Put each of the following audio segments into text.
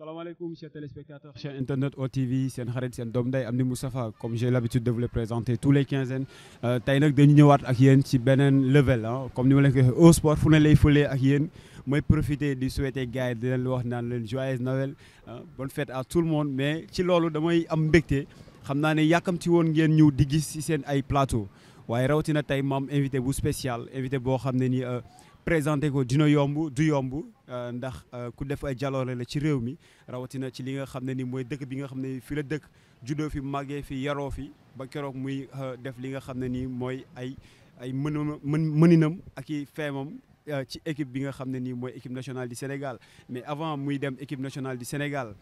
Salam alaikum, chers téléspectateurs chers internet OTV chers xarit chers doom day Moussafa, comme j'ai l'habitude de vous le présenter tous les quinzaines ans, euh, nag dañu ñëwaat ak qui ci un level ah. comme nous ma leen ko waxee au sport fu et lay fëlee ak de profiter di souhaiter gars de di leen wax une leen Noël ah. bonne fête à tout le monde mais ci loolu damay am mbégte xam naa ne yàkkamti woon ngeen ñëw di gis plateau waaye rawatina tey maam invité bu spécial invité boo xam ne ni euh, présenté ko yomb du yomb Euh, ndax euh, ku def ay jaloore la ci réew mi rawatina ci li nga xam ne ni mooy dëkk bi nga xam ne fi la dëkk judo fi màggee fi yaroo fi ba keroog muy euh, def li nga xam ne ni mooy ay ay mën mën mëninam ak i feemam ci équipe bi nga xam ne nii mooy équipe nationale du Sénégal mais avant muy dem équipe nationale du Sénégal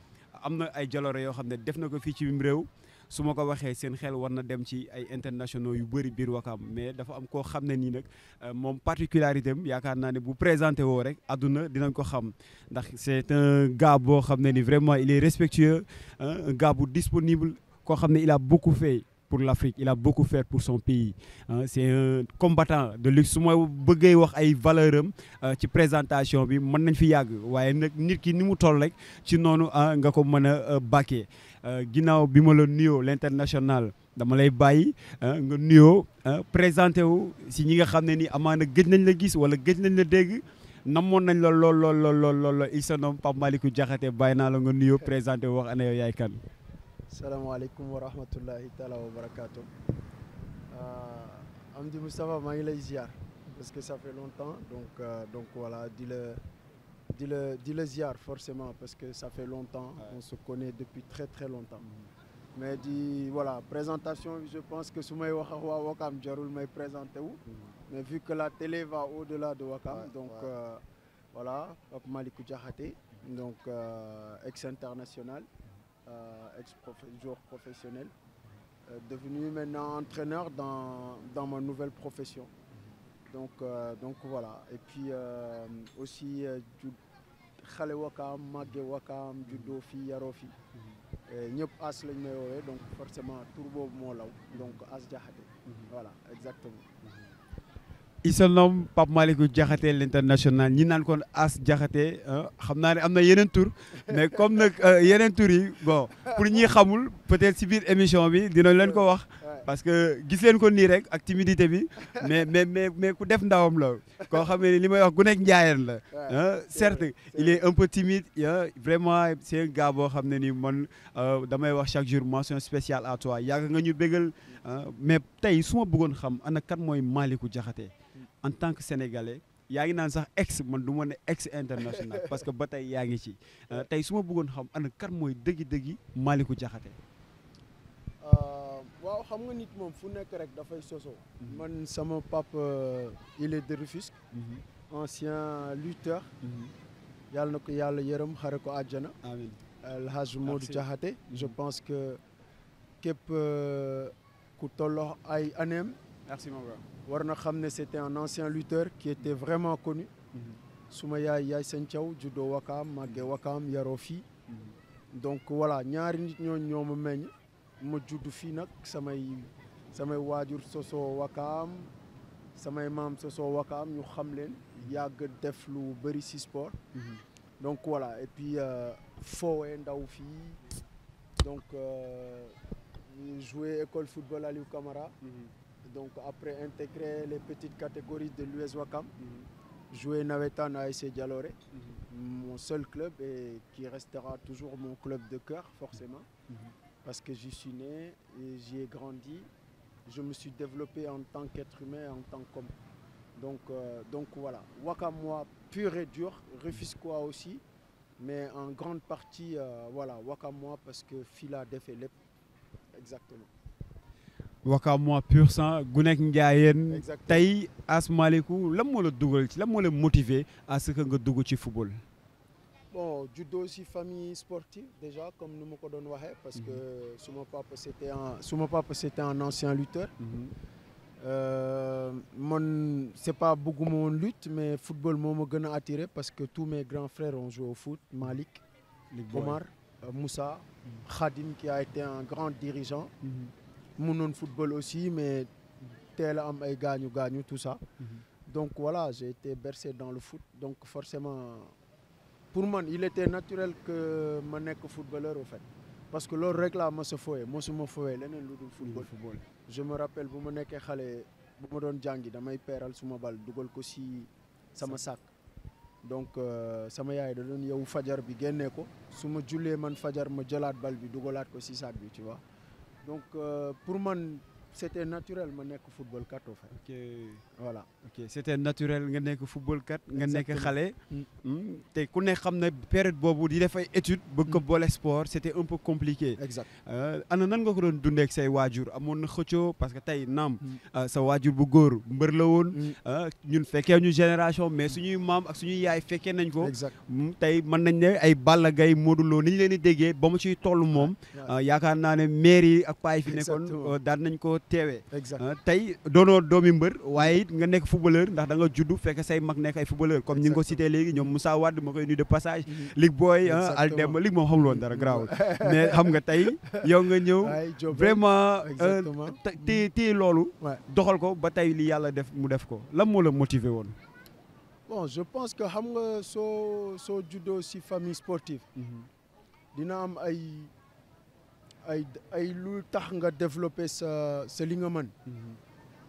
am na ay jaloore yoo xam ne def na ko fii ci réew su ma ko waxee seen xel war na dem ci ay internationaux yu bëri biir wakam mais dafa am koo xam ne nii nag euh, moom particularité am yaakaar naa ne bu présenté woo rek àdduna dinañ ko xam ndax c'est un gars boo xam ne ni vraiment il est respectueux hein, un gars bu disponible koo xam ne il a beaucoup fait pour l'Afrique il a beaucoup fait pour son pays euh, c'est un combattant de luxe su ma bëggee wax ay valeur am euh, ci présentation bi mën nañ fi yàgg waaye nag nit ki ni mu toll rek ci noonu ah, nga ko mën a euh, bàkkee ginnaaw bi ma la nuyoo l'international dama lay bàyyi nga nuyoo présenté si ñi nga xam ni amaana gëj nañ la gis wala gëj nañ la dégg namoon nañ la lool lool lool lool il se nomme Pape Malick Diakhaté bàyyi nga nuyoo présenté wax kan Salam alaikum wa rahmatullahi taala wa Euh, Amdi Moustapha je parce que ça fait longtemps donc euh, donc voilà dis le dis-le, dis -le forcément parce que ça fait longtemps on se connaît depuis très très longtemps. Mm-hmm. mais dis, voilà présentation je pense que su may wax wa waa jarul may présenté où, mm-hmm. mais vu que la télé va au-delà de Wakam donc euh, voilà Pape donc euh, ex-international. Euh, ex-joueur professionnel, euh, devenu maintenant entraîneur dans, dans, ma nouvelle profession. Donc, euh, donc voilà. Et puis aussi du Khalewakam, Magewakam, des wakaam mhm. mhm. Et fii yaroo donc forcément turbo le monde. donc as mhm. voilà exactement il nomme Pape Malick Diakhaté l'international ñi naan kon As Diakhaté hein, xam naa ne am na yeneen tur mais comme nag euh, yeneen tur yi bon pour ñi xamul peut-être si biir émission bi dinañ leen ko wax parce que gis leen ko nii rek ak timidité bi mais mais mais mais ku def ndawam la koo xam ne li may wax gu nekk njaayeen la hein. certes il est un peu timide hein, vraiment c'est un gars boo xam ne ni man euh, damay wax chaque jour c'est un spécial à toi yàgg nga ñu bégal mais tey su ma bëggoon xam ana kan mooy Malick Diakhaté en tant que sénégalais yaa ngi naan sax ex man du ma ne ex international parce que ba tey yaa ngi ci euh, tey su ma bëggoon xam ana kan mooy dëggi-dëggi Malick Diakhaté euh, waaw xam nga nit moom fu nekk rek dafay sosoo mhm. man sama papa euh, il est de Rufisque mhm. ancien lutteur mhm. yàlla na ko yàlla yërëm xare ko àjjana amin El modu Modou je pense que képp ku tolloo ay aneem merci mon gars war c'était un ancien lutteur qui était vraiment connu suma yaay yaay seen wakam, juddoo wakam yarofi. donc voilà ñaari nit ñoo ñoom meñ ma judd fi nak samay samay wajur soso Wakaam samay mam ñu xam def lu sport donc voilà et puis euh, foowee ndaw fi donc euh, jouer école football Aliou Camara donc après intégrer les petites catégories de l'US Wakam, mhm. jouer Navetan à Dialoré, mhm. mon seul club et qui restera toujours mon club de cœur forcément, mhm. parce que j'y suis né j'y ai grandi, je me suis développé en tant qu'être humain, en tant qu'homme. Donc, euh, donc voilà, Wakamwa pur et dur, quoi aussi, mais en grande partie euh, voilà parce que Fila défait Exactement wakaam moi pur sang gu nekk tay tey asmaliku lan moo la dugal ci lan moo la motiver à ce que nga dougu ci football bon judo aussi famille sportive déjà comme nous ma ko parce que mhm. suma papa c'était un suma papa c'était un ancien lutteur mhm. euh, mon c'est pas beaucoup mon lutte mais football moma ma attiré parce que tous mes grands frères ont joué au foot Malik Omar euh, Moussa mhm. Khadim qui a été un grand dirigeant mënoon football aussi mais tel a am ay gaañu tout ça. Mhm. donc voilà j'ai été bercé dans le foot donc forcément pour moi il était naturel que ma nekk footballeur au fait. parce que loolu rek se mos a fooyee mosuma fooyee football football. je me rappelle bu ma nekkee xale bu ma doon jàngi damay peeral suma bal dugal ko ça sama sac. donc euh, sama yaay da doon yow fajar bi génnee ko su ma man fajar ma jëlaat bal bi dugalaat ko sac tu vois. Donc euh, pour moi, c'était naturel, moi, avec le football 4, on fait voilà ok c'était naturel nga nek football kat. nga xalé xale. Mm. Mm. te ku ne xam na période bobu di def ay études. bëgg ko mm. bolé sport c'était un peu compliqué. exact euh ana nan nga ko don dundé ak say wajur amoon na xëccoo parce que tey naam. Euh, sa wajur bu goor mbeur la woon. Euh, ñun féké ñu génération mais suñuy mam ak suñuy yaay féké nañ ko. tay mën nañ né ay Balla gay modulo niñ ni ñu leen di déggee ba mu ciy toll moom. Euh, yaakaar naa ne maire yi ak paa yi fi nekkoon. daan nañ ko teewee. tey doonoo doomi mbër waaye nga nekk footballeur ndax danga nga juddu fekk say mag nekk ay footballeur comme ñi nga ko cité léegi ñoom Moussa Wade ma koy nuyu de passage lig booy al dem lig moom xamul woon dara garaawul mais xam nga tey yow nga ñëw vraiment euh, téye téye loolu doxal ko ba tey li yàlla def mu def ko lan moo la motiver woon bon je pense que xam nga soo soo juddoo si famille sportive mm-hmm. dina am ay ay ay lu tax nga développer sa sa li nga mën mm-hmm.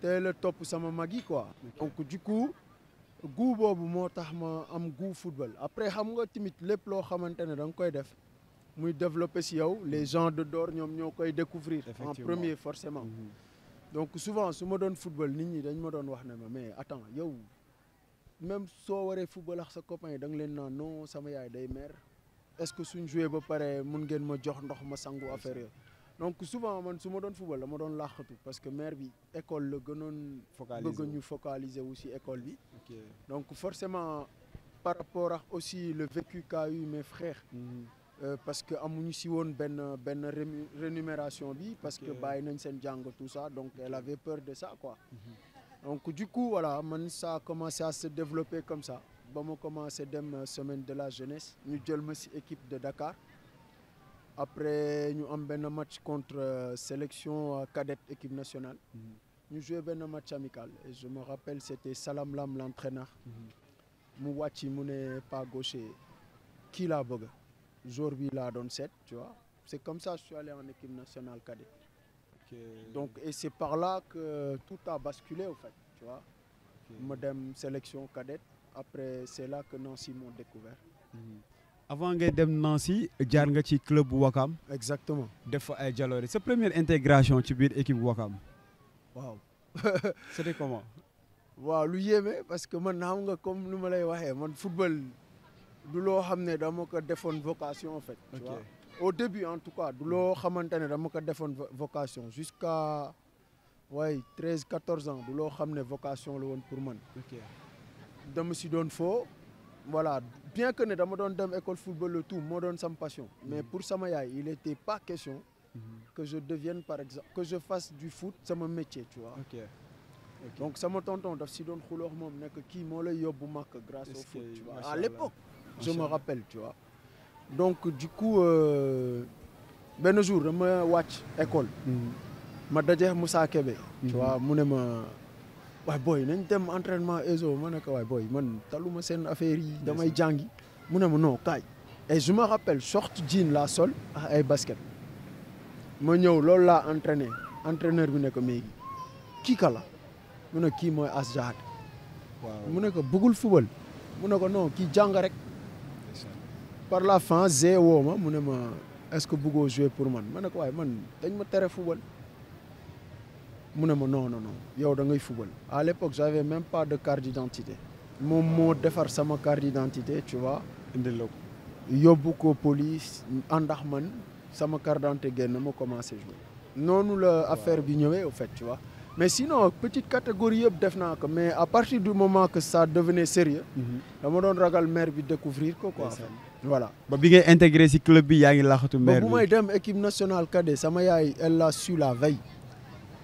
teel a topp sama mag yi quoi. donc du coup goût boobu moo tax ma am goût football après xam nga tamit lépp loo xamante ne da nga koy def muy développer ci yow les gens de dehors ñoom ñoo koy découvrir en premier forcément. Mm-hmm. donc souvent su ma doon football nit ñi dañ ma doon wax ne mais attends yow même soo waree football ak sa copain yi da nga leen naan non sama yaay day mer est-ce que suñ joué ba pare mun ngeen ma jox ndox ma sangu affaire donc souvent man su ma football football dama doon football parce que mère bi école le gnon, focaliser bëgg ñu focaliser aussi. école donc forcément par rapport aussi le vécu qu'a eu mes frères. Mhm. Euh, parce que amuñu une ben ben rémunération parce que bàyyi une seen tout ça donc elle avait peur de ça quoi. Mhm. donc du coup voilà ça a commencé à se développer comme ça ba ma commencé la euh, semaine de la jeunesse nous sommes ma équipe de Dakar après nous avons un match contre euh, sélection euh, cadette équipe nationale. avons mhm. joué un match amical et je me rappelle c'était Salam Lam l'entraîneur. Je mhm. ne suis pas gaucher Qui l'a bogue jour l'a donne cette tu vois C'est comme ça que je suis allé en équipe nationale cadette. donc et c'est par là que tout a basculé en fait tu vois. sélection cadette après c'est là que Nancy m'a découvert. Mhm avant que dem Nancy jaar nga ci club Wakam. exactement def fa ay première intégration ci biir équipe Wakam. waaw. c'était comment. waaw lu yéeme parce que man nga comme nous ma lay waxee man football du loo xam ne dama ko defoon vocation en fait. tu vois au début en tout cas du loo xamante ne dama ko defoon vocation jusqu'à ouais treize quatorze ans du loo xam vocation la woon pour man. dama si doon faux voilà bien que ne dama doon l'école école football le tout moo sa passion. mais mm-hmm. pour Samaya, il n'était pas question. Mm-hmm. que je devienne par exemple que je fasse du foot c'est mon métier tu vois. ok donc ça tonton daf si doon xuloox moom nekk kii qui lay yóbbu màkk grâce au foot tu vois à l'époque je me rappelle tu vois. donc du coup euh, benn jour me watch école. Mm-hmm. ma daje Moussa Kébé. tu vois je ne ma. Je boy, nañ dem entraînement ESO ma ko boy man taluma seen affaire yi damay mu ne non et je me rappelle short jean la sol basket ma ñëw loolu laa entraîné entraîneur bi ne ko mais kii ka la mu ne kii mooy As Je waaw mu ne ko mu ne ko non par la fin Zé ma ma est-ce que jouer pour man ma ko man dañ ma mu non non non yow da ngay à l'époque j'avais même pas de carte d'identité moom moo defar ma carte d'identité tu vois indil la police àndax man sama carte d'identité génn commencé à jouer Non, la affaire bi au fait tu vois mais sinon petite catégorie yëpp mais à partir du moment que ça devenait sérieux mhm. dama doon ragal maire découvrir quoi quoi voilà ba bi ngay intégré ci club bi yaa ngi laxatu maire bi bu may dem équipe nationale cadet sama elle l'a su la veille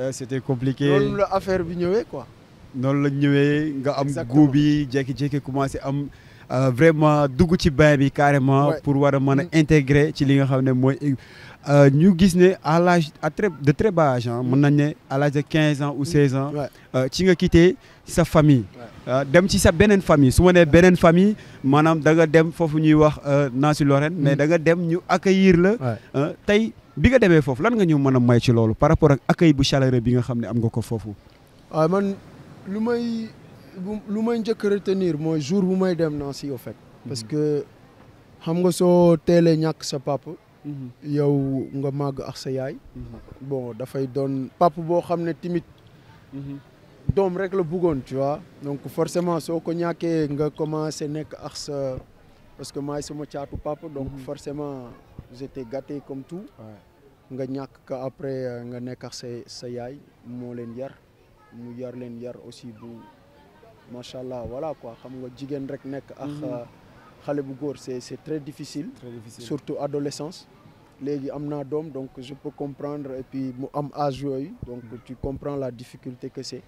Euh, c'était compliqué non la affaire bi ñëwé quoi. non la ñëwé nga am goût bi jékki-jékki commencé am euh, vraiment dugg ci bain bi carrément. pour wara mëna mm. intégrer ci li nga xamné moy mooy. Euh, ñu gis né à l'âge à très de très bas âge hein nañ né à l'âge de quinze ans ou mm. seize ans. ci nga quitté sa famille. dem ci sa benen famille suma ma benen famille manam da nga dem fofu ñuy wax Nancy Lorraine mais mm. da nga dem ñu accueillir la. tay bi nga demee foofu lan nga ñëw mën a may ci loolu par rapport ak accueil bu chaleureux bi nga xam ne am nga ko foofu. waaw man lu may lu may njëkk retenir mooy jour bu may dem naa si au fait. Mhm. parce que xam nga soo teelee ñàkk sa papa. Mhm. yow nga màgg ak sa yaay. Mhm. bon dafay doon papa boo xam ne timit doom rek la buggoon tu vois donc forcément soo ko ñàkkee nga commencé nekk ak sa parce que maay ma caatu papa donc forcément. Vous j'étais gâté comme tout. nga ñàkk ka après euh, nga nekk ak ce sa yaay moo leen yar mu yar aussi bu machallah voilà quoi xam nga jigéen rek nekk. ak à mhm. euh, bu c'est c'est très difficile. surtout adolescence. les amna dom, donc je peux comprendre et puis mu am âge donc mhm. tu comprends la difficulté que c'est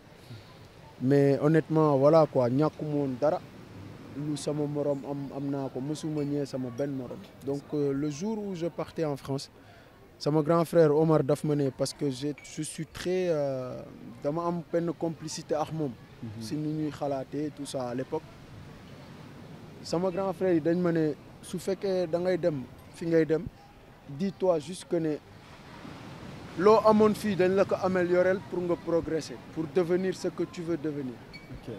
mais honnêtement voilà quoi ñàkku moon dara. Nous sommes morom am am ko musuma ñëwee sama ben morom donc euh, le jour où je partais en France sama grand frère Omar daf parce que je je suis très euh, dama am benn complicité ak mom mhm. si ni ñuy xalaatee tout ça à l'époque sama grand frère dañ ma su fekkee da ngay dem fi ngay dem dis-toi juste que ne loo amoon fii dañ la ko pour nga progresser pour devenir ce que tu veux devenir okay.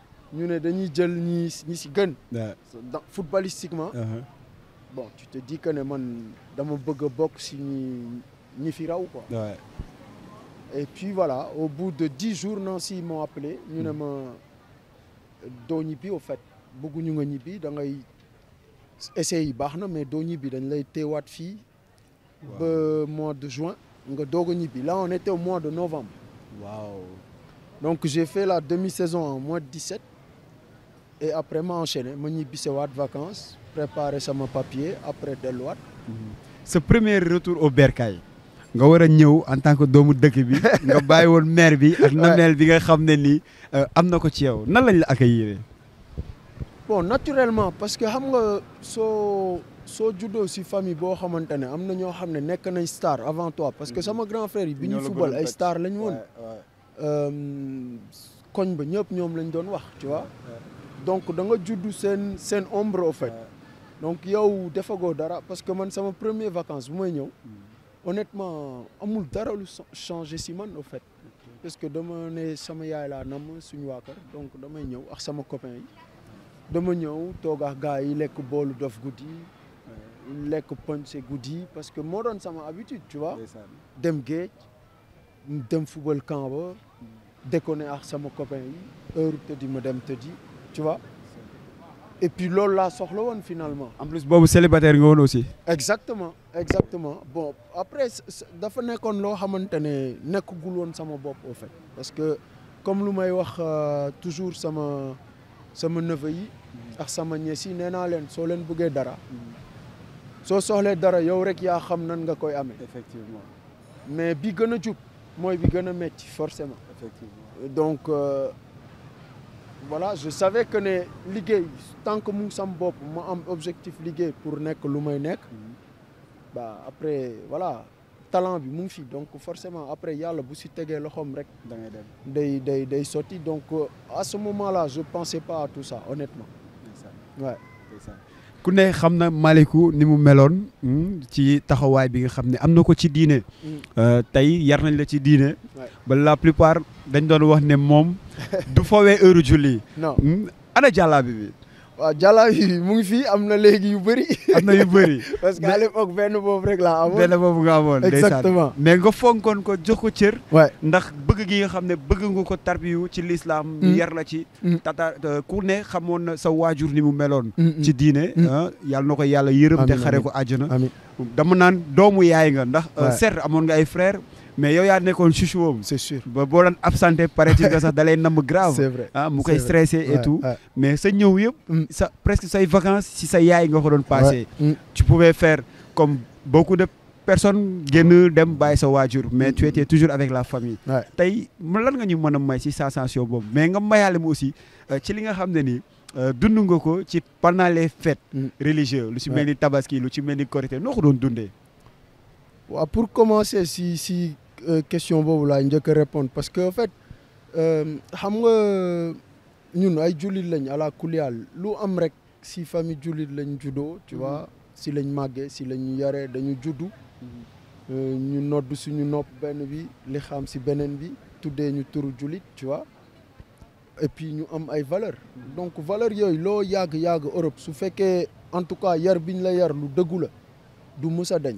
ñu ne dañuy jël ni ni si gën. footballistiquement. Uh-huh. bon tu te dis que ne man dama bëgg bok ci si ni fi raw quoi. et puis voilà au bout de dix jours non ils m'ont appelé ñu ne mm. ma doo ñibbi au fait ñu nga ñibbi da ngay essais yi baxna na mais doo ñibbi dañ lay téwaat fi ba mois de juin nga dogo a ñibbi là on était au mois de novembre. waaw donc j'ai fait la demi-saison en mois de 17 et après ma enchaîné ma ñibbisewaat vacances préparer préparé sama papier après de delluwaat. Ce mhm. premier retour au bercail. nga war a ñëw en tant que doomu dëkk bi nga bàyyi woon maire bi ak nameel bi nga xam ne nii euh, na ko ci yow nan lañ la accueillir. bon naturellement parce que xam nga so soo juddoo si famille boo xamante ne am na ñoo nañ star avant toi parce que mhm. sama grand frère yi bini football ay star lañ woon. Euh, koñ ba ñëpp ñoom lañ doon wax tu vois donc da nga sen ombre au fait donc yow sont dara parce que c'est mon premier vacances may hmm. honnêtement je dara changé si fait parce que dama sama yaay là, nam suñu waa Je donc damay Je ak sama copain qui euh, punch parce que habitude tu vois dem football camp ba hmm. déconné ak copain tu vois et puis là, la le one finalement. en plus bob célibataire nga aussi. exactement exactement bon après dafa qu'on l'a xamante ne nekkagul woon sama Bob au fait parce que comme le may wax euh, toujours sama sama neveu yi ak sama sa manière si naa leen soo leen bëggee dara So soxlee dara yow rek yaa xam nan nga koy effectivement mais bi gën a jub bi metti forcément. effectivement donc. Euh, voilà je savais que ne liggéey tant que mu mon bop, ma objectif ligue pour nek lu may nekk bah, après voilà talent bi mon fils, donc forcément après il bu si le loxoom rek. da ngay dem day donc euh, à ce moment là je pensais pas à tout ça honnêtement. ça ouais. ça. ku ne xam na Maliku ni mu meloon hmm, ci taxawaay bi nga xam ne am na ko ci diine hmm. euh, tey yar nañ la ci diine ba la plupart dañ doon wax ne moom du fowee heure julli hmm, ana jàllaabi bi waaw jala yi mu ngi fii am na léegi yu bëri. am na yu bëri. parce que à l'époque benn boobu rek la amoon. benn boobu nga amoon. exactement mais nga fonkoon ko jox ko cër. ndax bëgg gi nga xam ne bëgg nga ko tarbiyu ci lislaam mm. yar la ci. Mm. tata euh, ku ne xamoon na sa waajur ni mu meloon. Mm, ci diine. Ah, yàlla na ko yàlla yërëm te xare ko àjjana. dama naan doomu yaay nga ndax. Euh, certes amoon nga ay frère mais yow yaa nekkoon chouchou boobu c'est sûr ba bo doon absenté paraît que sax dalay lay grave c'est vrai ah mou koy stressé et tout mais sa ñew yëpp mm. sa presque say vacances si sa yaay nga ko don passé mm. tu pouvais faire comme beaucoup de personnes génn dem bàyyi sa wajur mais tu mm. étais toujours avec la famille tay lan nga ñu mëna may ci sensation boobu mais nga mayaale mo aussi euh, ci li nga xamné ni nii euh, dund nga ko ci pendant les fêtes religieuses lu ci melni tabaski lu ci melni corité korité don dundé pour commencer si si euh, question bobu la ñëk répondre parce que en fait euh, xam nga ñun ay jullit lañ ala kuliyal lu am rek si famille julit lañ judo, tu vois mhm. si lañ màggee si lañ yaré yaree dañu juddu mhm. euh, ñu nodd suñu nop benn bi li xam si benen bi tuddee ñu turu julit tu vois et puis ñu am ay valeur mhm. donc valeur yoy lo yag yag Europe su féké en tout cas yar biñ la yar lu deggu la du mës dañ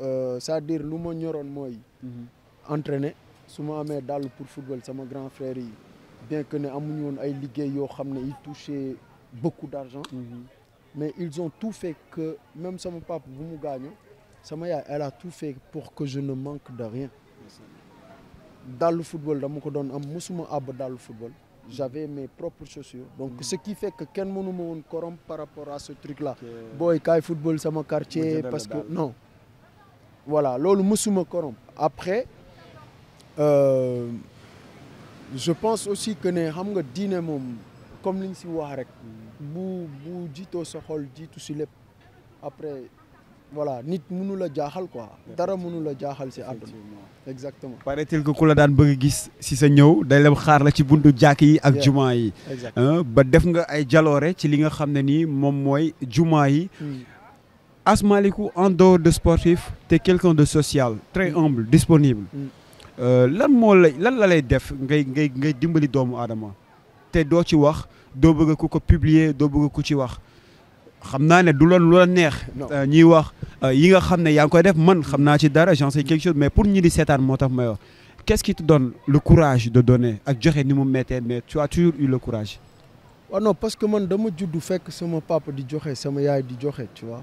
Euh, c'est-à-dire que ma ñoroon mooy. Mhm. entraîner su ma amee le pour football mon grand frère bien que ne pas woon ay liggéey ils touchaient beaucoup d'argent. Mhm. mais ils ont tout fait que même mon papa bu mu pas sama mère, elle a tout fait pour que je ne manque de rien. le football ko am dans le football. j'avais mes propres chaussures. donc mhm. ce qui fait que quelqu'un ne me corrompt par rapport à ce truc là. a kaay football mon quartier. parce que non voilà lolu musuma corrompre après euh, je pense aussi que né xam nga comme li si wax rek bu bu jito après voilà nit mënu la quoi dara mënu la jaaxal ci exactement paraît-il que ku la daan bëgg gis si sa ñëw day xaar la ci buntu jaak yi ak yi ah, ba def nga Asmalikou en dehors de sportif te quelqu'un de social très mm. humble disponible mm. euh, lan moo lay lan la lay def ngay ngay ngay dimbali doomu aadama te doo ci wax doo bëgg ku ko publier doo bëgg ku ci wax xam naa du loon lu neex euh, ñiy wax euh, yi nga xam ne yaa def man xam naa ci dara j'en sais quelque chose mais pour ñi di seetaan moo tax qu'est-ce qui te donne le courage de donner ak joxe ni mu mettee mais tu as toujours eu le courage waaw non parce que man dama juddu fekk sama papa di joxe sama yaay di joxe tu vois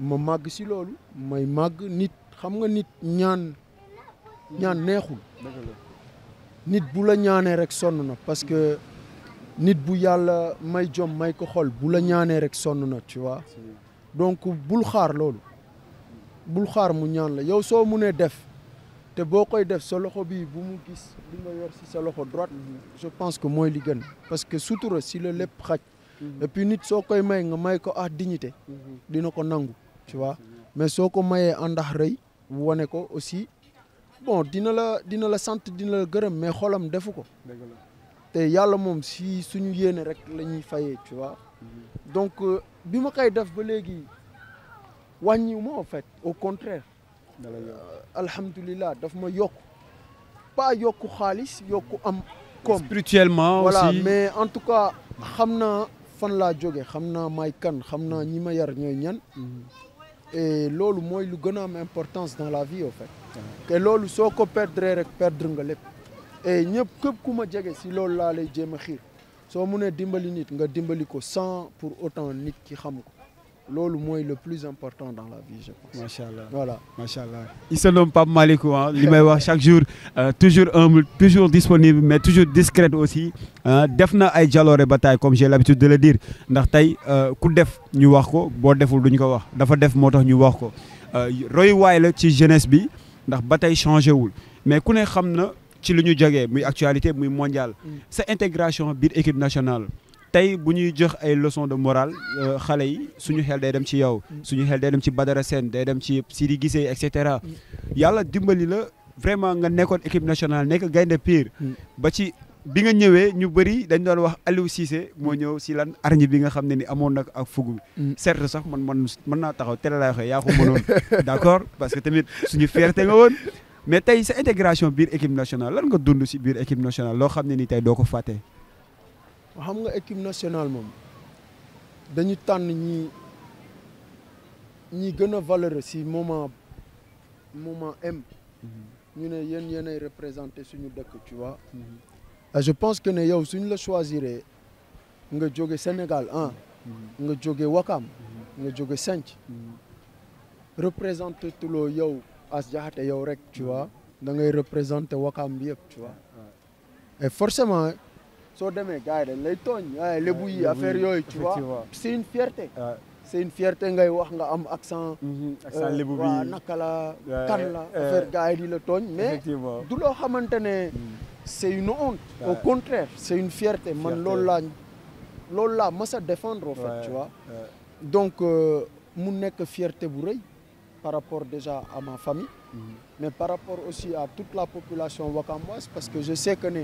ma mag ci loolu may mag nit xam nga nit ñaan ñaan neexul nit bu la ñaané rek sonna parce que nit bu yalla may jom may ko xol bu la ñaané rek sonna tu vois donc bul xaar loolu bul xaar mu ñaan la yow mu né def té bokoy def sa loxo bi bu mu gis li nga yor ci sa loxo droite je pense que moy li gën parce que sutura si le le xaj mhm. et puis nit soo koy may nga may ko ah dignité mhm. dina ko nangu tu vois mais soo ko ko aussi bon dina la dina la mais xolam defu ko te de si suñu rek tu vois mhm. donc euh, bima kay def ba en fait au contraire euh, alhamdulillah daf ma pas khalis spirituellement mais en tout cas je fan la suis, xamna may kan yar et c'est moy lu a am importance dans la vie en fait qui ko perdre rek perdre nga et ñepp kep ku ma si lay dimbali nit nga dimbali ko sans pour autant nit ki loolu est le plus important dans la vie je pense. voilà machallah. il se nomme Pape Malick hein, li may wax chaque jour euh, toujours humble toujours disponible mais toujours discret aussi hein. defna a ay jaloore ba comme j'ai l'habitude de le dire ndax a euh, ku def ñu wax ko bo deful duñ ko wax dafa def motax ñu wax ko euh, way la ci jeunesse bi ndax changé wul mais ku ne xam ci lu ñu muy actualité muy mondial. Mm. sa intégration biir équipe nationale tay buñuy jox ay leçon de morale euh, xalé yi suñu xel day dem ci yow mm. suñu xel day dem ci Badara sen day dem ci Sidi gisse et cetera mm. yalla dimbali la vraiment nga nekkoon équipe nationale nekk gaynde pire mm. ba ci bi nga ñëwé ñu bëri dañ doon wax Aliou Cissé mo ñëw si lan arñi bi nga xamné ni amoon nak ak fugu certes sax man man mën naa taxaw télé laa waxee ya ko mënon d'accord parce que tamit suñu fierté nga won mais tay sa intégration biir équipe nationale lan nga dund ci biir équipe nationale lo xamné ni tay doo ko fàtte xam nga équipe nationale moom dañu ni ñi ñi a valeureux si moment moment M. Mhm. ñu né yéen yéen représenter suñu dëkk tu vois. Mhm. je pense que ne yow le la choisiree nga joggé Sénégal ah. nga joggé Wakam. nga jóge Représente tout tuloo yow as jaxate yow rek tu mhm. vois da ngay représenter Wakam bi tu vois et forcément soo demee gars yi dañ lay tooñ waaye ah, lébu yi affaire yooyu tu vois c'est une fierté c'est une fierté ngay wax nga am accent mhm, accent euh, le bi waa naka la kan la affaire gars yi di la tooñ mais du loo xamante ne mm. c'est une honte au contraire c'est une fierté man loolu laa loolu laa mas a défendre au fait tu vois donc euh, mu nekk fierté bu rëy par rapport déjà à ma famille mm. mais par rapport aussi à toute la population wakamboise parce que je sais que ne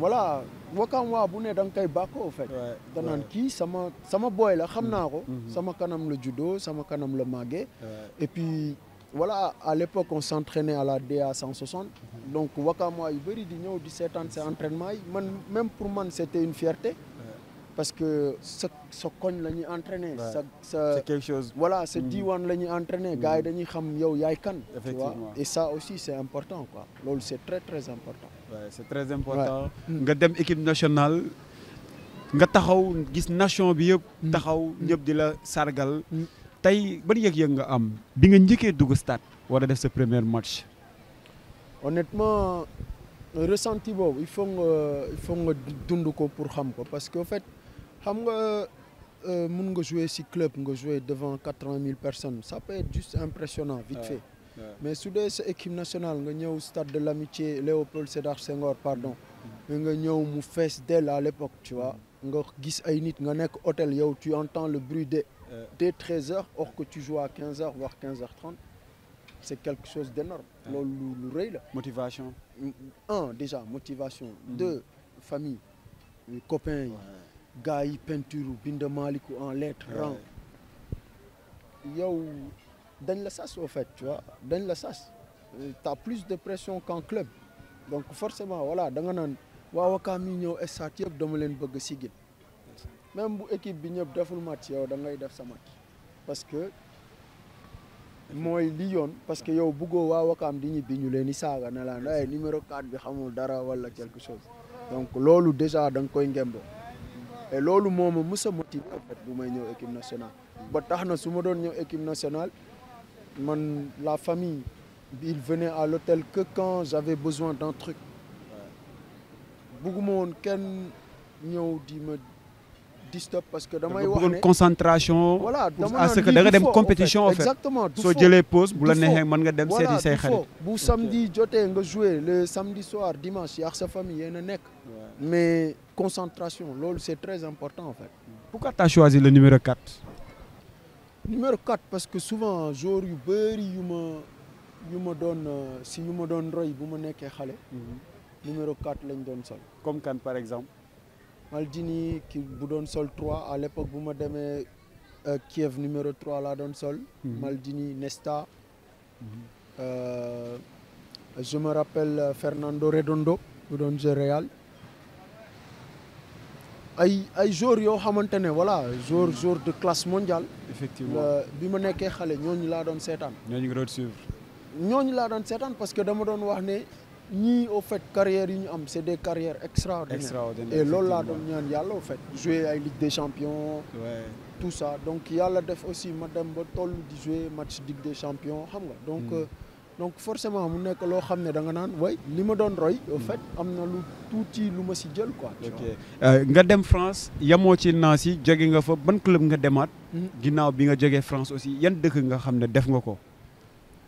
voilà Wakam waa bu ne da Bako en fait, fekk da naan kii sama sama boy la xam naa ko mm-hmm. Mm-hmm. sama kanam le judo sama kanam le màggee et puis voilà à l'époque on s'entraînait à la DA 160 mm-hmm. donc Wakam waa yu bëri di ñeu 17 ans c'est entraînement man même pour moi, c'était une fierté parce que sa ce qu'on la ñuy entraîner c'est quelque chose voilà sa diiwaan la ñuy entraîner gars yi dañuy xam yow yaay kan et ça aussi c'est important quoi loolu c'est très très important c'est très important. Mm. équipe nationale nation mm. Mm. sargal. premier match. honnêtement ressenti il faut faut pour parce qu'en fait xam nga euh, club jouer devant 80 000 personnes ça peut être juste impressionnant vite fait mais sous des équipe nationale nga au stade de l'amitié Léopold Sédar Senghor pardon mm-hmm. nga avons mu dès dell à l'époque tu vois mm-hmm. nga gis ay nit nga un hôtel yow tu entends le bruit dès 13 h or que tu joues à 15 h voire 15 h 30 C'est quelque chose d'énorme. lu motivation mm-hmm. un déjà motivation deux famille mm, copains gars peinture bind en lettres rang yow donne la sas au fait, tu vois, donne la sas. Euh, tu as plus de pression qu'en club. Donc forcément, voilà, da nga wa waa Wakaam yi ñëw stade yëpp leen bëgg sigil même bu équipe bi ñëpp deful match yow da def sa match parce que moi li parce que yow bugo wa wakam di biñu ñu leen di saaga ne laan ay eh, numéro 4 bi xamul dara wala quelque chose donc lolu déjà dang koy ngemboo et lolu moma musa mës motivé en fait bu may ñew équipe nationale ba taxna suma doon ñew équipe nationale mon, la famille, ils venaient à l'hôtel que quand j'avais besoin d'un truc. Beaucoup de gens parce que wax concentration. voilà à ce que da nga dem compétition en fait exactement Si je les pose, la nga dem say samedi le samedi soir dimanche a sa famille y a mais concentration c'est très important en fait. pourquoi as choisi le numéro 4 numéro 4 parce que souvent jour yu bëri yu ma yu ma euh, si yu ma donne roy je ma un xale. Mhm. numéro 4 donne le sol. comme quand, par exemple. Maldini qui donne le sol 3 à l'époque je me donnais Kiev numéro 3 là, donne sol. Mhm. Maldini Nesta. Mhm. Euh, je me rappelle euh, Fernando Redondo qui donne le Real ay ay jour yo xamante voilà jour, jour de classe mondiale. effectivement bi ma nekkee xalé ñooñu la doon sétane ñooñu nga doon suivre. ñooñu laa doon parce que dama doon wax né ñi au fait carrière yi ñu am c'est des carrières extraordinaires. extraordinaires et lool la doon ñaan yalla au fait. jouer ay Ligue des champions. tout ça donc yalla def aussi ma dem ba tollu di jouer match Ligue des champions xam nga donc. Hmm. Euh, donc forcément mu nek lo xam da nga nan way li ma doon roy au fait amna lu touti luma ma si jël quoi euh, nga dem France yamo ci Nancy jóge nga fa ban club nga demat hmm. ginaaw bi nga jógee France aussi yan deuk nga xam def nga ko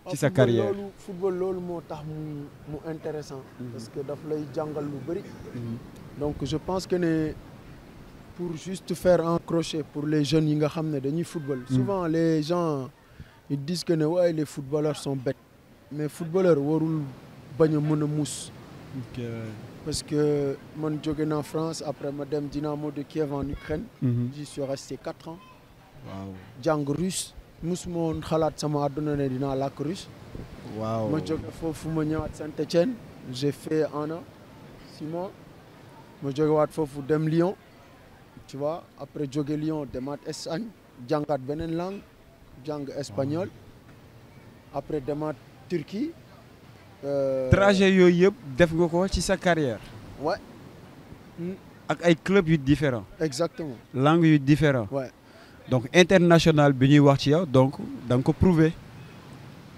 ci sa ah, carrière loolu football loolu moo tax mu mu intéressant hmm. parce que daf lay jangal lu bëri hmm. donc je pense que né pour juste faire un crochet pour les jeunes yi nga xam dañuy football souvent les gens ils disent que né waaye les footballeurs sont bêtes mais footballeur warul bañ a mën a parce que man jogé en France après Madame Dynamo de Kiev en Ukraine. Mhm. j'y suis resté quatre ans. waaw jang russe musuma mon xalaat sama aduna ne dinaa làkk russe. waaw ma jogé fofu ma ñëwaat Saint-Étienne j'ai fait un an six mois ma jógewaat fofu dem Lyon tu vois après jogé Lyon demaat Espagne jangat benen langue jang espagnol après demaat. Turquie. Euh, trajet yooyu yëpp def sa carrière. ouais. avec club différent différents. exactement langue différentes ouais. donc international bi ñuy wax donc prouvé.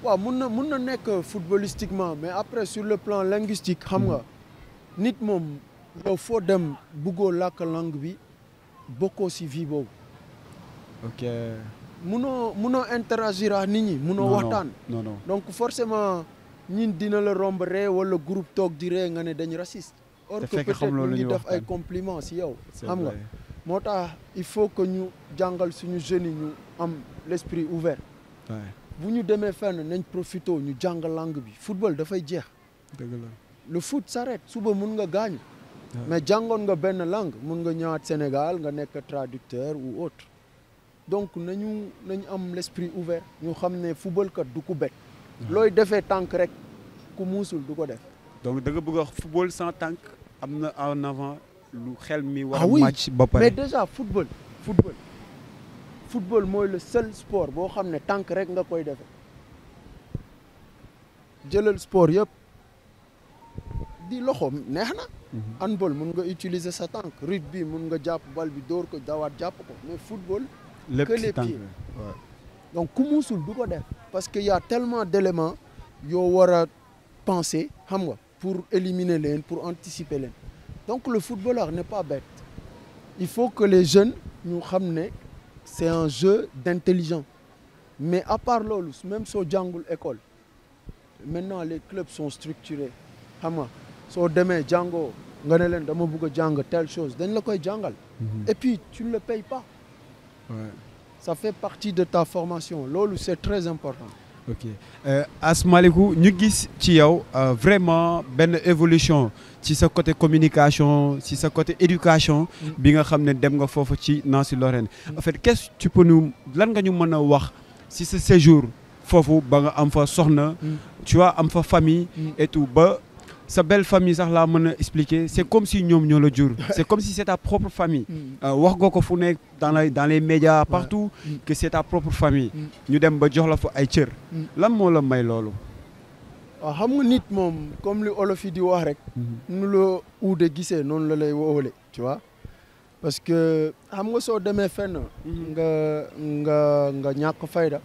Ouais, prouver. waaw n'est que footballistiquement mais après sur le plan linguistique xam nga nit pas yow foo dem langue bi beaucoup si vie ok munoo munoo interagir ak nit ñi munoo donc forcément ñin dina le romb ree wala groupe talk dirait, ree nga ne dañu raciste or que peut-être ñu ngi def ay compliments si yow xam nga il faut que ñu jangal suñu jeunes ñu am l'esprit ouvert bu ñu demee fenn nañ profito ñu jàng langue bi football fay jeex dëgg la le foot s'arrête suba mën nga gagne. mais jangon nga ben langue mën nga ñëwaat Sénégal nga nekk traducteur ou autre donc nañu avons am l'esprit ouvert ñu xam le football kat du ku bett. looy defee tànk rek ku muusul du ko def. donc da nga bëgg football sans Tank, am na en avant lu xel mi. war match ah ba pare mais déjà football. football football mooy le seul sport boo xam ne tànk rek nga koy defee le sport yëpp di loxo neex na. Mhm. handball mun nga utiliser sa Tank. rugby mun nga japp bal bi dóor ko dawaat jàpp ko mais football que les pieds donc comment muusul du ko def parce que y a tellement d'éléments yoo war a penser xam nga pour éliminer l'un, pour anticiper l'un. donc le footballeur n'est pas bête il faut que les jeunes ñu xam c'est un jeu d'intelligent mais à part loolu même sur jàngul école maintenant les clubs sont structurés xam nga soo demee jàngoo nga ne dama bëgg telle chose dañ la koy Django? Mhm. et puis tu ne le payes pas ça fait partie de ta formation. Lolo, c'est très important. ok euh, asmaliku ñu gis ci yow euh, vraiment une évolution Si c'est côté communication si c'est côté éducation. Mm. bi nga xam ne dem nga foofu ci Nancy Lorraine. Mm. en fait qu'est-ce que tu peux nous dire nga ñu séjour ba nga mm. tu vois am famille. et tout sa belle famille sax la mën expliquer c'est comme si ñom ñoo la c'est comme si c'est ta propre famille mm. euh, wax goko fu dans les dans les médias partout mm. que c'est ta propre famille mm. ñu dem ba jox la fu ay cieur lan mo la may lolu ah, xam nga nit mom comme li olof di wax rek mhm. nu la uude gisee non la lay tu vois parce que xam nga so demee fenn mhm. nga nga nga ñak fayda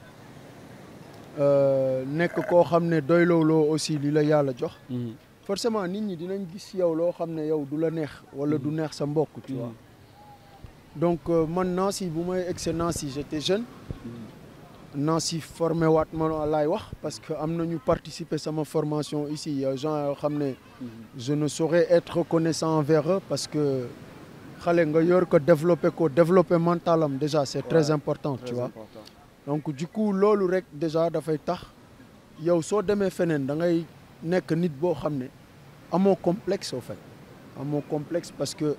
euh nek ko xamné doyloo loo aussi li la yalla jox mhm forcément nit ñi dinañ gis yow loo xam ne yow du la neex wala du neex sa mbokk tu vois donc euh, man Nancy bu may egsi Nancy j'étais jeune Nancy formé waat ma laay wax parce que am nañu participer sama formation ici gens yoo xam ne je ne saurais être reconnaissant envers eux parce que xale nga yor ko développer ko développer mentalam déjà c'est très important tu vois donc du coup loolu rek déjà dafay tax yow soo demee feneen da ngay nekk nit boo xam ne Amo complexe au fait mon complexe parce que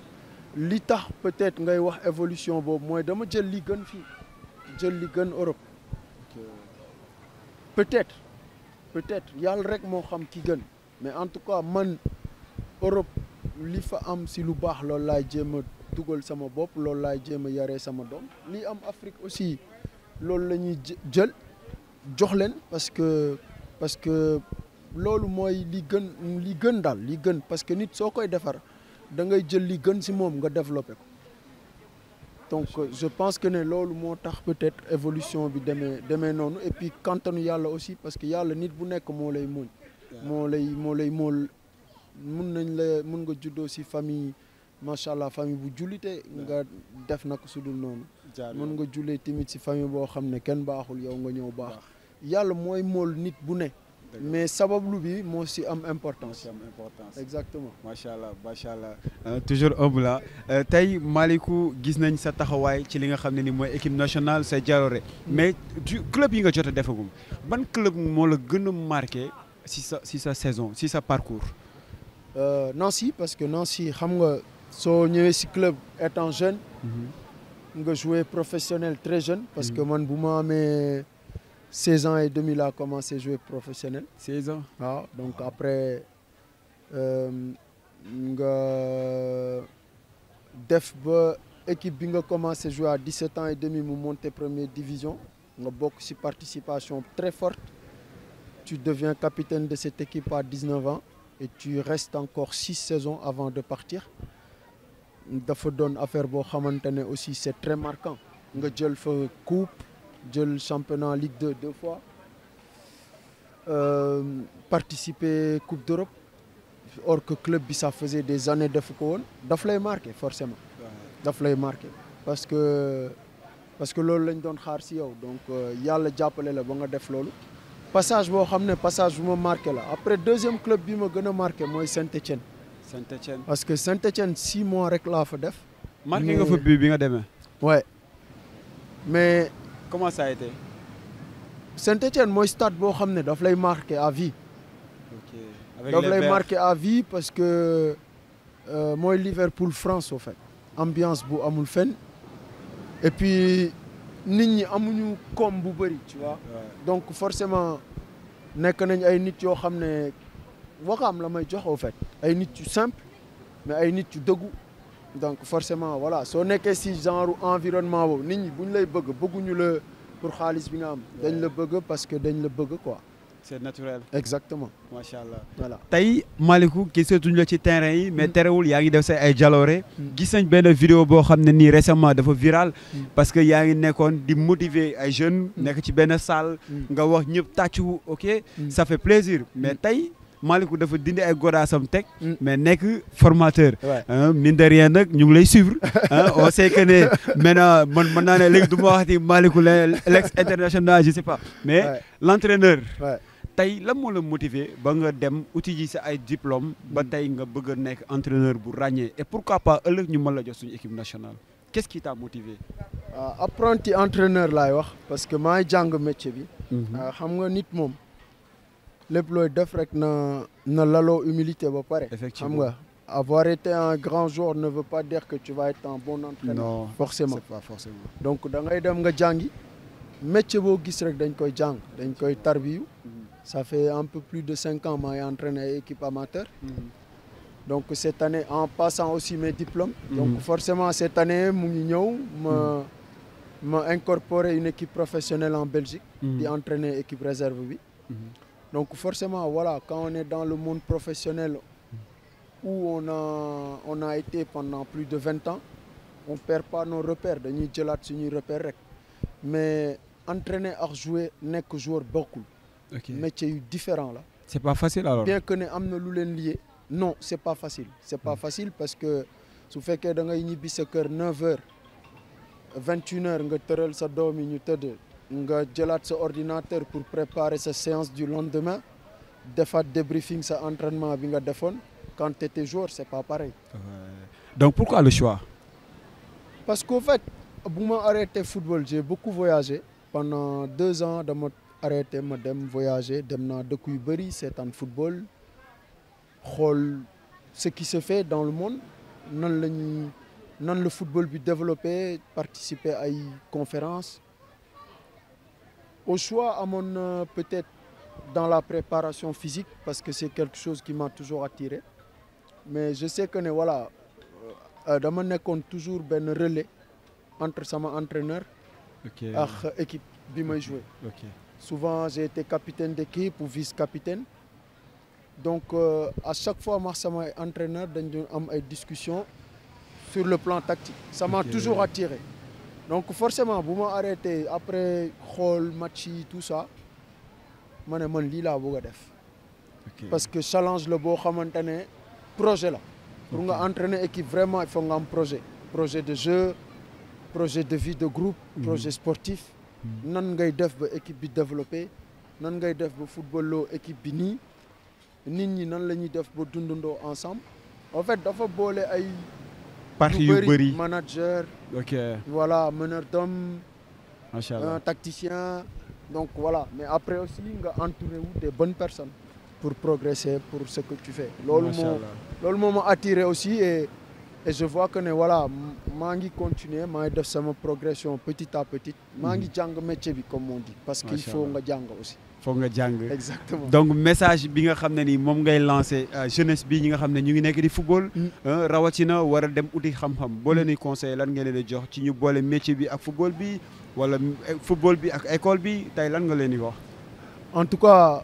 l'État, peut-être ngay wax évolution suis moy dama jël li gën suis jël li gën Europe euh, peut-être peut-être y rek mo xam ki gën mais en tout cas man Europe li fa am si lu bax lol dougal sama bopp lol c'est jéem a sama dom li am Afrique aussi c'est ni jël parce que parce que loolu moy li gën li gën dal li gën parce que nit sokoy défar da ngay jël li gën ci mom nga développer ko donc je pense que né loolu moo tax peut-être évolution bi démé démé nonou et puis quand on yalla aussi parce que yalla nit bu nek mo lay mooñ mo lay mo lay mol mun nañ la mun nga juddoo ci famille machallah famille bu jullite nga def na sudul su dul nga jullee tamit ci famille bo xamné ne kenn baaxul yow nga ñew bax yalla moy mol nit bu nek mais ça bi moo si am importance. am importance exactement. Machallah, machallah. Euh, toujours humble là. Euh, tey Malick gis nañ sa taxawaay ci li nga xam ni équipe nationale c'est jaloore mm. mais du club yi nga déjà a defagum ban club moo la plus marqué si sa si sa saison si sa parcours. Euh, Nancy parce que Nancy xam nga soo si club étant jeune. Mm-hmm. nga jouer professionnel très jeune. parce mm. que mon Bouma, mais. 16 ans et demi, là, commencé à jouer professionnel. 16 ans ah, Donc ah. après, euh, nga def équipe jouer à 17 ans et demi monter première division nga participation très forte tu deviens capitaine de cette équipe à 19 ans et tu restes encore 6 saisons avant de partir affaire aussi c'est très marquant coupe le championnat Ligue 2 deux fois euh, participer Coupe d'Europe or que club ça faisait des années de ko woon daf marqué forcément daf lay marqué parce que parce que loolu lañ doon xaar si yow donc euh, yàlla jàppale la ba nga def passage boo xam passage bu ma marqué là. après deuxième club bi ma marqué, moi marqué mooy saint Etienne Saint-Étienne parce que saint Etienne six mois avec la fa def marqué nga but bi nga ouais mais comment ça a été Saint-Etienne moi, stade suis à à vie. ok marqué à vie parce que euh, moi, Liverpool France au fait ambiance et puis nous ñi amuñu comme tu vois. donc forcément nous avons fait simple mais ay donc forcément voilà son nekkee si genre environnement ni nit ñi bu ñu lay bëgg bëgguñu pour xaalis bi nga le dañ bëgg parce que dañ le bëgg quoi. c'est naturel. exactement. macha allah voilà. tey Malick gisatuñu la ci terrain yi. mais terre où il def say ay jaloore. jaloux mm. nañ benn vidéo boo xam ne nii récemment dafa viral. Mm. parce que yaa une nekkoon di motiver ay jeunes. Mm. nekk ci benn salle. nga wax ñëpp tàccu ok. ça fait plaisir mais taï Malick dafa dindi ay godaasam tek mm. mais nek formateur. Ah, mine de rien nak ñu ngi lay suivre. Ah, on sait que né maintenant man mën naa ne du ma waxati Malick l'ex international je sais pas. mais l'entraîneur. tay lan mo le motiver ba nga dem outil, ji sa ay diplôme ba mm. tay nga bëgg nek entraîneur bu ragné et pourquoi pas euleuk ñu mën la jox suñu équipe nationale qu'est-ce qui t'a motivé. Ah, apprenti entraîneur lay wax parce que ma jàng métier bi. Mm-hmm. xam nga nit mom le plus def na na humilité effectivement avoir été un grand joueur ne veut pas dire que tu vas être un bon entraîneur. non forcément donc dans ngay dem nga jangi métier suis gis rek mm-hmm. ça fait un peu plus de cinq ans j'ai entraîné équipe amateur. Mm-hmm. donc cette année en passant aussi mes diplômes. Mm-hmm. donc forcément cette année mu ngi incorporé une équipe professionnelle en Belgique. et entraîner équipe réserve donc forcément, voilà, quand on est dans le monde professionnel où on a, on a été pendant plus de 20 ans, on ne perd pas nos repères, ni jëlaat ni repères mais entraîner à jouer n'est joueur mais métier es différent là. c'est pas facile alors bien que nous amenons na lié non c'est pas facile c'est pas hmm. facile parce que si tu da que 9 h 21 h nga as sa nga jëlaat sa ordinateur pour préparer sa séance du lendemain defaat débriefing sa entraînement bi nga defoon quand tu étais joueur c'est pas pareil. donc pourquoi le choix. parce qu'en fait bu ma arrêté football j'ai beaucoup voyagé pendant deux ans dama arrêté ma voyager dem naa dëkk yu bëri en football ce qui se fait dans le monde nan le football bi développé participer ay conférences. Au choix, à mon euh, peut-être dans la préparation physique, parce que c'est quelque chose qui m'a toujours attiré. Mais je sais que voilà, je euh, compte toujours un relais entre mon entraîneur et l'équipe qui Souvent, j'ai été capitaine d'équipe ou vice-capitaine. Donc, euh, à chaque fois, moi, ça entraîneur dans une discussion sur le plan tactique. Ça m'a toujours attiré donc forcément vous m'avez arrêté après xool match tout ça Je suis man lila laa def parce que challenge le beau xamante projet là. pour nga entraîner équipe vraiment il faut un projet projet de jeu projet de vie de groupe mhm. projet sportif mhm. nan ngay def ba équipe bi développé nan ngay def ba football loo équipe bi ni nit ñi nan la def ba dundundo ensemble en fait dafa bolé ay parti manager. voilà meneur d'hommes. un tacticien. donc voilà mais après aussi nga entouré des bonnes personnes. pour progresser pour ce que tu fais. lolu moo ma attiré aussi et et je vois que voilà m'angi vais continuer maa progression petit à petit. vais ngi hmm. métier comme on dit. parce qu'il faut nga jang aussi foog nga jang exactement donc message bi nga xamné ni mom ngay lancer euh, jeunesse bi nga xamné ñu ngi nek di football. Mm. Hein, rawatina wara dem uti xam-xam bo leen conseil, lan ngeen leen jox ci ñu boole métier bi ak football bi wala eh, football bi ak école bi tay lan nga leen wax. en tout cas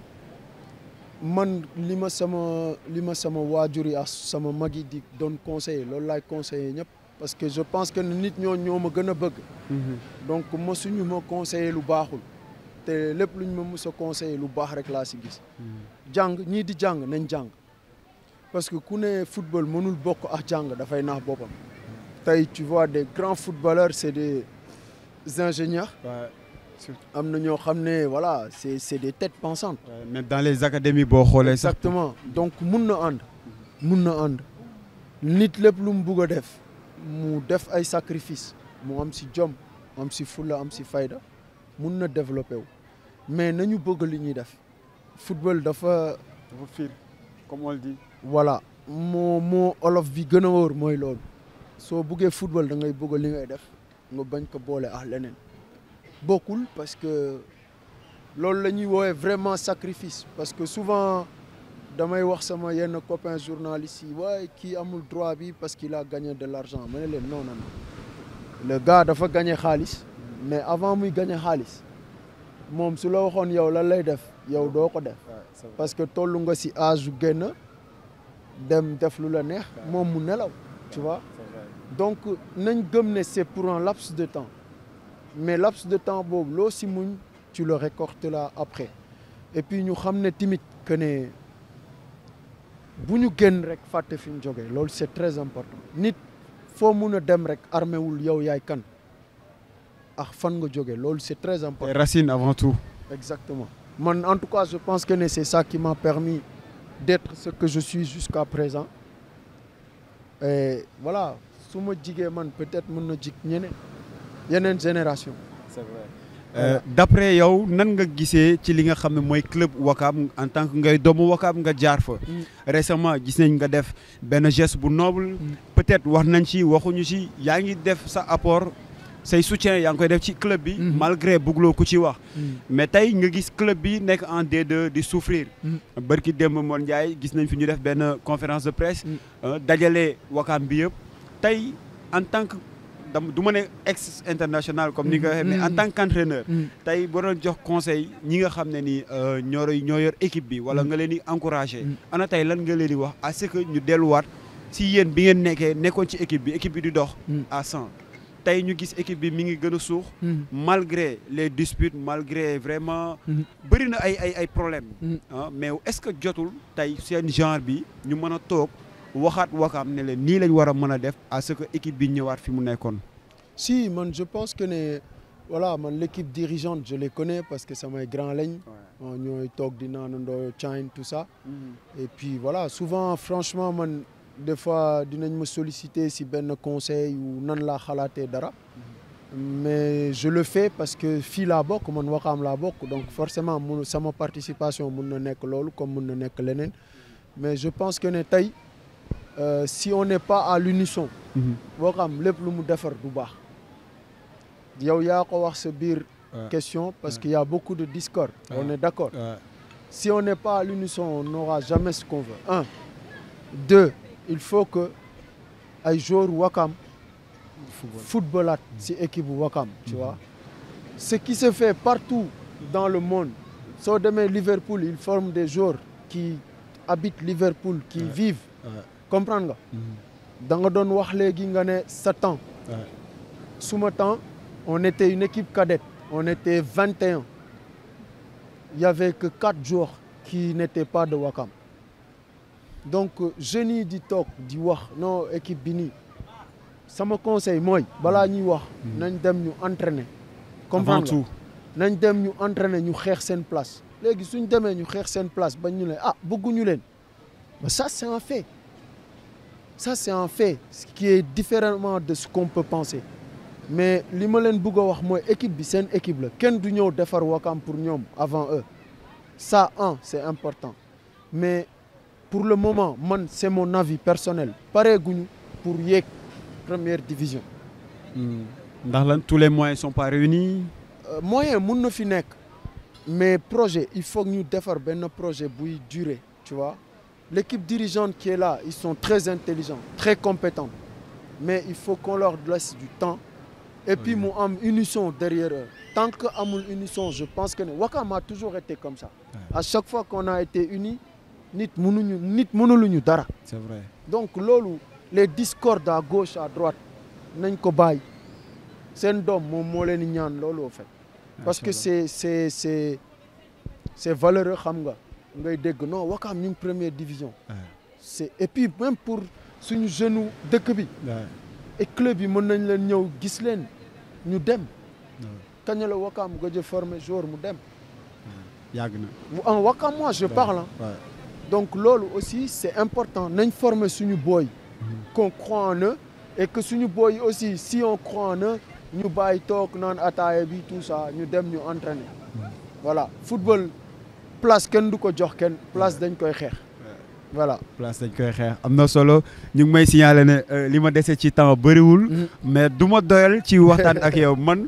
man lima sama lima sama wajuri yi sama mag di doon conseil loolu lay conseiller ñep parce que je pense que nit ñoo ñoo ma gëna bëgg. Mm-hmm. donc suñu mo conseiller lu baaxul te lépp lu ñu ma mus a conseillé lu baax rek laa si gis. Hmm. jàng ñii di nañ parce que ku football mënul bokk ak jàng dafay naax boppam. tey tu vois des grands footballeurs c'est des ingénieurs. am na ñoo voilà c'est c'est des têtes pensantes. Même dans les académies boo exactement donc mun na ànd. mun nit lépp lu mu bugg def mu def ay sacrifice mu am si jom am si fulla am si fayda mun na mais nous bëgg li ñuy def football dafa. dafa comme on dit. voilà moo moo olof bi gën a wóor mooy football da ngay bëgg li ngay def nga bañ ko boole ah leneen parce que loolu la ñuy woowee vraiment sacrifice parce que souvent damay wax sama yenn copain journaliste ouais qui a amul droit bi parce qu'il a gagné de l'argent mais non non non le gars dafa gagner xaalis mais avant a gagné xaalis mom su la waxoon yow lan lay def yow do ko def parce que tolu nga si âge guen dem def lu la neex mom mu nelaw tu vois donc nagn gëm ne c'est pour un laps de temps mais laps de temps boobu lo si muñ tu le récoltes là après et puis ñu xamne timit que ne buñu guen rek fàtte fiñ c'est très important nit fo mun dem rek armé wul yow yaay kan c'est très important. les racines avant tout. exactement man en tout cas je pense que c'est ça qui m'a permis d'être ce que je suis jusqu'à présent et voilà su ma man peut-être que na jig une génération. c'est vrai. Euh, d'après yow nan nga gisee ci li nga xam ne club Wakam en tant que ngay doomu Wakaam nga jaar fa. Mm. récemment gis nañ nga def benn geste bu noble. Mm. peut-être que nañ ci waxuñu ci yaa ngi def sa apport say soutien yaa koy def ci club bi. Mhm. malgré buglo ku ci wax. Mhm. mais tay nga gis club bi nek en D2 di souffrir. Mhm. barki démb Mor Ndiaye gis nañ fi ñu def ben conférence de presse. Euh, dajalé wakaam bi yëpp tay en tant que. duma du ne ex international comme ni nga waxee mais en tant qu'entraîneur tay boo doon jox conseil ñi nga xamné ni ñoro euh, ñoyor équipe bi wala nga leen encourager ana tay lan nga leen wax à ce que ñu delluwaat si yeen bi ngeen nekkee nekkoon ci équipe bi équipe bi di dox à 100 tey ñu gis équipe bi mi ngi gën hmm. malgré les disputes malgré vraiment hmm. bëri na ay ay ay problèmes hmm. ah, mais est-ce que jotul c'est un genre bi ñu mëna tok waxat waxaat wakaam ne leen nii lañ wara mëna def à ce que équipe bi ñëwaat fi mu si man je pense que ne voilà man l'équipe dirigeante je les connais parce que samay grand lañ ah, ñoy tok di naanandoo chain tout ça et puis voilà souvent franchement man des fois ils me solliciter si ben conseil ou non la xalaatee dara mais je le fais parce que je suis on voit comme là-bas donc forcément c'est ma participation mon nekk comme mon suis nekk mais je pense que ne tey euh, si on n'est pas à l'unisson mhm. waxaam lépp lu mu faire du Il yow a ko wax sa question parce qu'il y a beaucoup de discord on est d'accord si on n'est pas à l'unisson on n'aura jamais ce qu'on veut un deux il faut que les joueurs Wakam footballistes si équipe Wakam tu mhm. vois ce qui se fait partout dans le monde Sauf demain Liverpool ils forment des joueurs qui habitent Liverpool qui vivent comprendre nga mhm. Dans le doon wax nga ans. temps on était une équipe cadette on était 21. il n'y avait que quatre joueurs qui n'étaient pas de Wakam donc je yi di toc di wax non équipe bini ça sama conseil moi balaa ñuy wax mm-hmm. nañ dem ñu entraîner comprendre tout nañ dem ñu entraîner ñu faire sen place si nous demee ñu faire sen place ba ñu leen ah bëgguñu mais ça c'est un fait ça c'est un fait ce qui est différemment de ce qu'on peut penser mais li ma leen bëgg a wax mooy équipe bi équipe la kenn du ñëw Wakam pour ñoom avant eux ça un c'est important mais pour le moment c'est mon avis personnel Pareil, pour la première division. Hmm. tous les moyens ne sont pas réunis. Euh, moyen ne sont fi réunis. mais projet il faut que nous défendons nos projet pour durer tu vois l'équipe dirigeante qui est là ils sont très intelligents très compétents mais il faut qu'on leur laisse du temps et puis nous unisson derrière eux tant que une unisson je pense que Wakama a toujours été comme ça à chaque fois qu'on a été unis nit mënuñu nit mënuluñu dara. c'est vrai donc lolu les discordes à gauche à droite nañ ko bàyyi sen dom moom mo leni ñaan lolu au fait. parce que c'est c'est c'est c'est valeureux xam nga ngay dégg non wakam ñu première division. c'est et puis même pour suñu jeune dëkk bi. et club yi mën nañ leen ñëw gis leen ñu dem. kañ la wakam gëj a formé jour mu dem. yàgg na mu en Wakaam moi je parle. Hein donc loolu aussi c'est important nañ former suñu booy qu'on croit en eux et que suñu booy aussi si on croit en eux ñu bàyyi toog naan ataaya bi tout ça ñu dem ñu entraîner voilà football place kenn du ko jox place dañ koy xeex voilà place dañ koy xeex Amna solo ñu ngi may signaler ne euh, li ma dese ci temps bëriwul mm-hmm. mais du ma doyal ci waxtaan ak yow man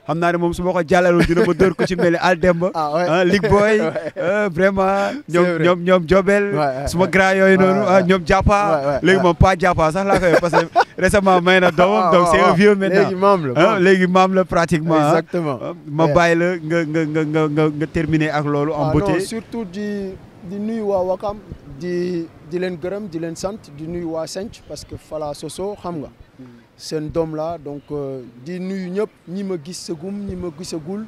xam naa moom su ma ko jàllaloon dina ma dóor ko ci mel ni Aldemba. Ah, ah, Boy ah, vraiment ñoom ñoom ñoom Jobel. suma grand yooyu noonu ñoom Jàppa. léegi moom pas Jàppa sax parce que récemment may na doomam donc c' est léegi maam la léegi maam la pratiquement. ma bàyyi la nga nga nga nga nga terminer ak loolu. en beauté surtout di di nuyu waa Wakam. di di leen gërëm di leen sant di nuyu waa Senc parce que fala soso xam nga. sen doom là donc euh, di nuyu ñep ñi ma gis sagum ñi ma gisagul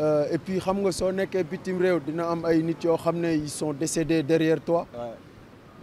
euh, et puis xam nga so nekké bitim rew dina am ay nit yo xamné ils sont décédés derrière toi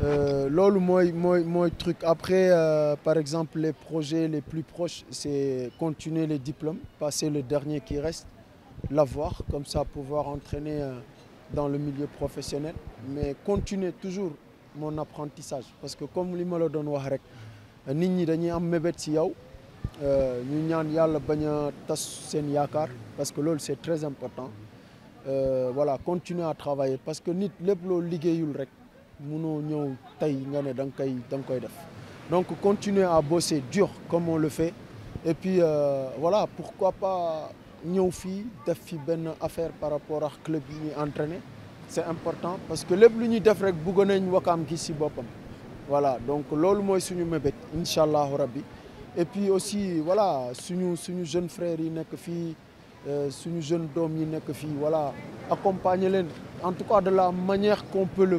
Euh, lol moi truc après euh, par exemple les projets les plus proches c'est continuer les diplômes passer le dernier qui reste l'avoir comme ça pouvoir entraîner euh, dans le milieu professionnel mais continuer toujours mon apprentissage parce que comme li vous la dit, wax rek nit ñi dañuy am ci ñu parce que lol c'est très important voilà continuer à travailler parce que nit lepp rek nga donc continuer à bosser dur comme on le fait et puis euh, voilà pourquoi pas ñëw fii def fi affaire par rapport à club yi entraîner c'est important parce que les lu ñuy def rek bëgg nañ Wakaam gis ci voilà donc loolu moi suñu mébét Inch'Allah allahu rabbi et puis aussi voilà suñu suñu jeune frères yi nekk fii euh, suñu jeune dom yi voilà accompagner les en tout cas de la manière qu'on peut le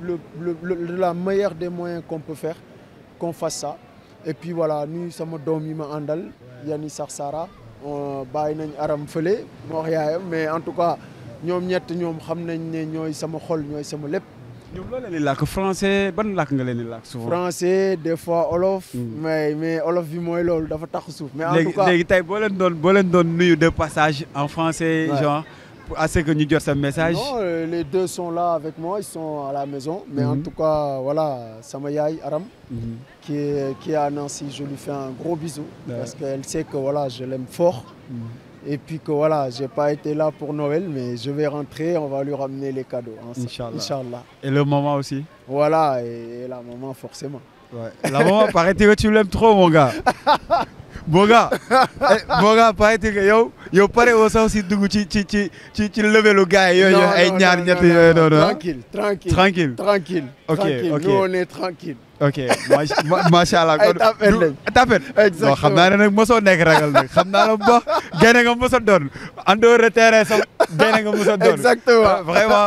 le, le, la meilleure des moyens qu'on peut faire, qu'on fasse ça. Et puis voilà, nous sommes en Andal, Yanni Sarsara, Aram Fele, mais en tout cas, nous sommes tous les gens qui sama nous sommes sama ñom français ban nga souvent. français des fois olof. Mm. mais mais olof bi moy dafa tax mais en tout cas légui tay bo boo don bo de passage en français genre. Assez ah, connu que nous ce message Non, euh, les deux sont là avec moi, ils sont à la maison. Mais en mhm. tout cas, voilà, Samayaï Aram, mhm. qui, est, qui à Nancy, je lui fais un gros bisou. Parce qu'elle sait que voilà, je l'aime fort. Mhm. Et puis que voilà, je n'ai pas été là pour Noël, mais je vais rentrer, on va lui ramener les cadeaux. Hein, Inch'Allah. Et le maman aussi Voilà, et, la maman forcément. La maman, paraît que tu l'aimes trop, mon gars. Boga eh, Boga paraît-il yo, yo yow pare woo sax si tu ci ci ci ci ci le gars yo yo ay ñaar ñett yooyu noonu. tranquille tranquille tranquille. ok ok nous on est tranquille ok macha allah. ay tapet lañ tapet. exactement non xam naa ne nag mosoo nekk ragal nag xam naa la bu baax nga mos a doon en dehors terrain sax génne nga mos a doon. exactement ah, vraiment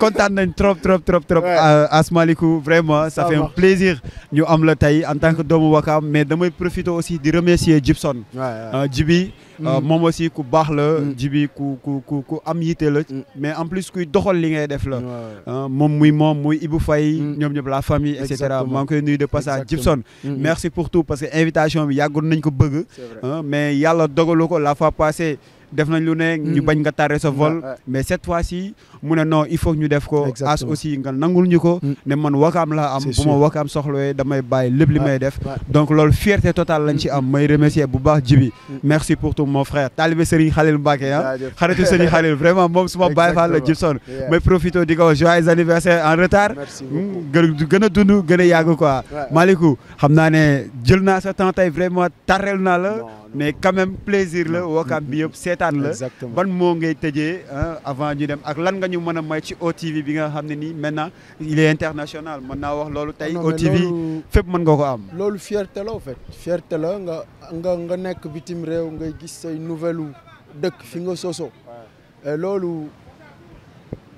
content euh, nañ trop trop trop trop. Euh, asmaliku vraiment ça fait un plaisir. ñu am la tey en tant que doomu wakam mais damay profiter aussi di remercier Gibson. Euh, Jibi. Euh, mm. moom aussi ku baax la. Mm. jibi ku ku mm. mais en plus kuy doxal li ngay def la. Euh, moom muy moom muy la famille et cetera koy de Gibson. Mm-hmm. merci pour tout parce que invitation bi ko bëgg. Hein, mais yàlla la fois passée def nañ lu ne ñu mm. bañ nga tarre sa vol mm. mais cette fois ci mu ne non il faut ñu def ko as aussi nga nangul ñu ko mm. ne man wakam la am bu ma wakaam soxlawee damay bay lepp li may def donc lool fierté totale lañ ci am may remercier bu baax jibi merci pour tout mon frère talibé Serigne Khalil Mbacké ah xaritu Serigne Khalil vraiment mom suma bay Fall la Djibson may profité di ko joyeux anniversaire en retard gën gëna dund gëna a quoi Malikou xamna né jël na sa temps tay vraiment tarrel na la mais quand même plaisir le Wakaam bi yëpp seetaan la ban mo ngay tëjee hein, avant ñu dem ak lan nga ñu mëna may ci OTV bi nga xamné ni maintenant il est international mëna wax lolu tay OTV fep mën nga ko am lolu fierté la en fait fierté la nga nga nga nek victime rew ngay gis say nouvelle deuk fi nga soso lolu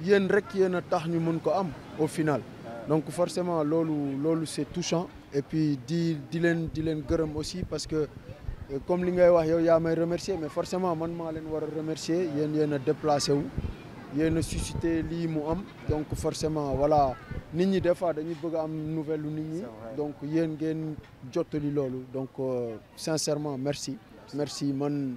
yeen rek yéen tax ñu mën ko am au final donc forcément lolu lolu c'est touchant et puis di di len di len gërëm aussi parce que comme li ngay wax yow yaa may remercier mais forcément man maa leen war remercier yéen yéen a déplacé wu yéen a suscité lii mu am donc forcément voilà nit ñi des fois dañuy bëgg a am nouvelle lu nit ñi donc yéen ngeen jottali loolu donc euh, sincèrement merci merci man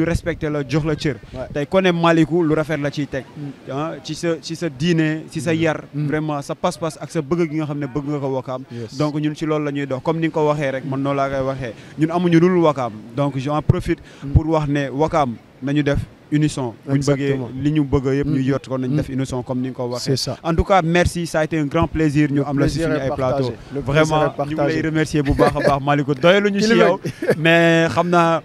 ñu respecté la jox la cër tay ku Maliku lu rafet la ci teg mm. ah, ci sa ci sa diine ci sa mm. yar mm. vraiment sa passe passe, ak sa bëgg gi nga xamné ne bëgg nga ko wakam donc ñun ci loolu la dox comme ni nga ko waxee rek man noonu laa koy waxee ñun amuñu dul wakam donc j'en profite pour wax né wakam nañu def unisson bu ñu bëggee li ñu bëgg yëpp ñu mm-hmm. yott ko nañ def unisson mm-hmm. comme ni nga ko waxee en tout cas merci ça a été un grand plaisir ñu am la si suñu ay plateau vraiment ñu ngi lay remercier bu baax a baax Maliko doyalu ñu si yow mais xam naa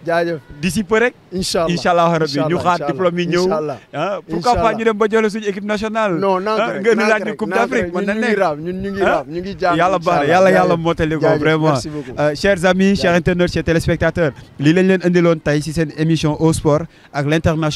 d'ici peu rek incha allah rabbi ñu xaar diplôme yi ñëw ah, pourquoi pas ñu dem ba jëlee suñu équipe nationale nga ah, ñu laaj ñu coupe d'Afrique mën na nekk ñun ñu ngi ah, raam ñu ngi jàng yàlla baax yàlla yàlla mottali ko vraiment euh, chers amis chers internautes chers téléspectateurs li lañ leen indiloon tey si seen émission au sport ak l'international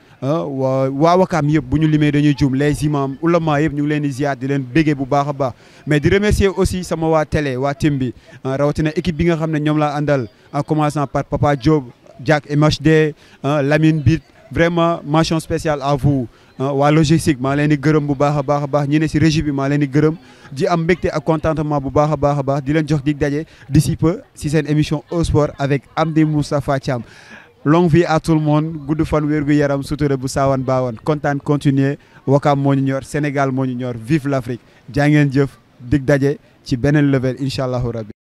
wa ah, wa Wakaam yëpp bu ñu dañuy juum les imams ulama yeb ñu ngi leen di ziar di bu mais di remercier aussi sama wa télé wa timbi ah, rawatina équipe bi nga xamné ñom la andal en commençant par Papa job Jack MHD ah, Lamine Bit vraiment mention spéciale à vous wa logistique ma leen di gërëm bu baax a baax ñi ne si régie bi ma leen di gërëm di am mbékté ak contentement bu baax a baax di leen jox dig dajé d'ici peu ci seen émission au sport avec Amdi Moustapha Thiam longue vie à tout le gudd fan wér gu yaram sutura bu saawan baawan kontaan continuer Wakaam moo ñu ñor Sénégal moo ñu ñor vive l'Afrique jaa ngeen jëf dig daje ci beneen level incha allahu rabbi